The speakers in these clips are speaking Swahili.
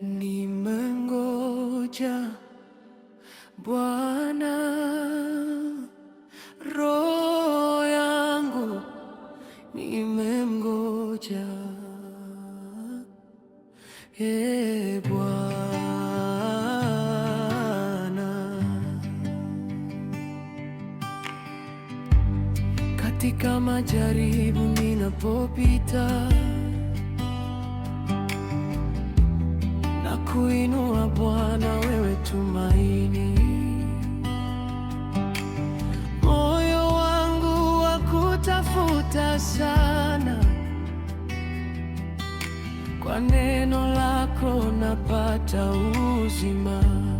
Nimengoja Bwana, roho yangu nimemgoja. Ee Bwana, katika majaribu ninapopita kuinua Bwana, wewe tumaini, moyo wangu wa kutafuta sana, kwa neno lako napata uzima.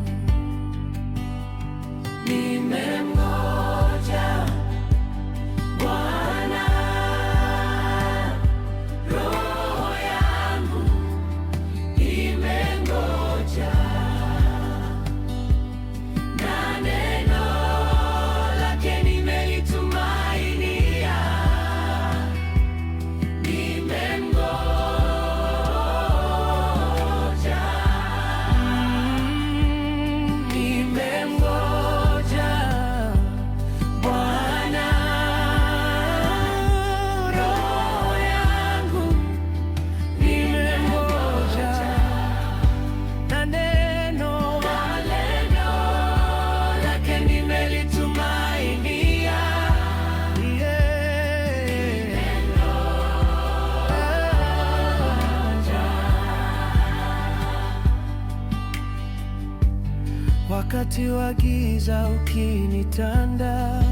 wakati wa giza ukinitanda,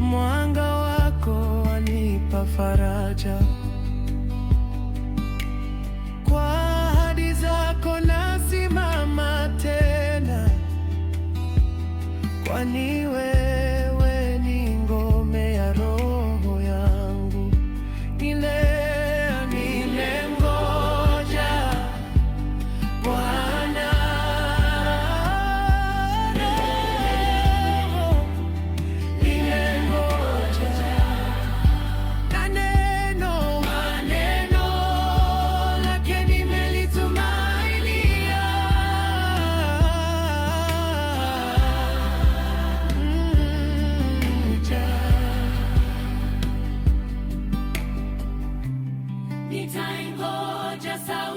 mwanga wako wanipa faraja. Kwa ahadi zako nasimama tena, kwani wewe essa